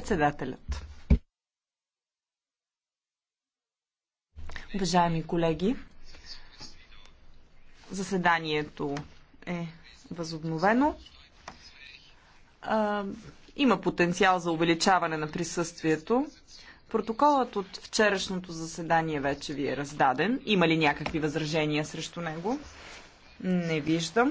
Председателят. Уважаеми колеги, заседанието е възобновено. А, има потенциал за увеличаване на присъствието. Протоколът от вчерашното заседание вече ви е раздаден. Има ли някакви възражения срещу него? Не виждам.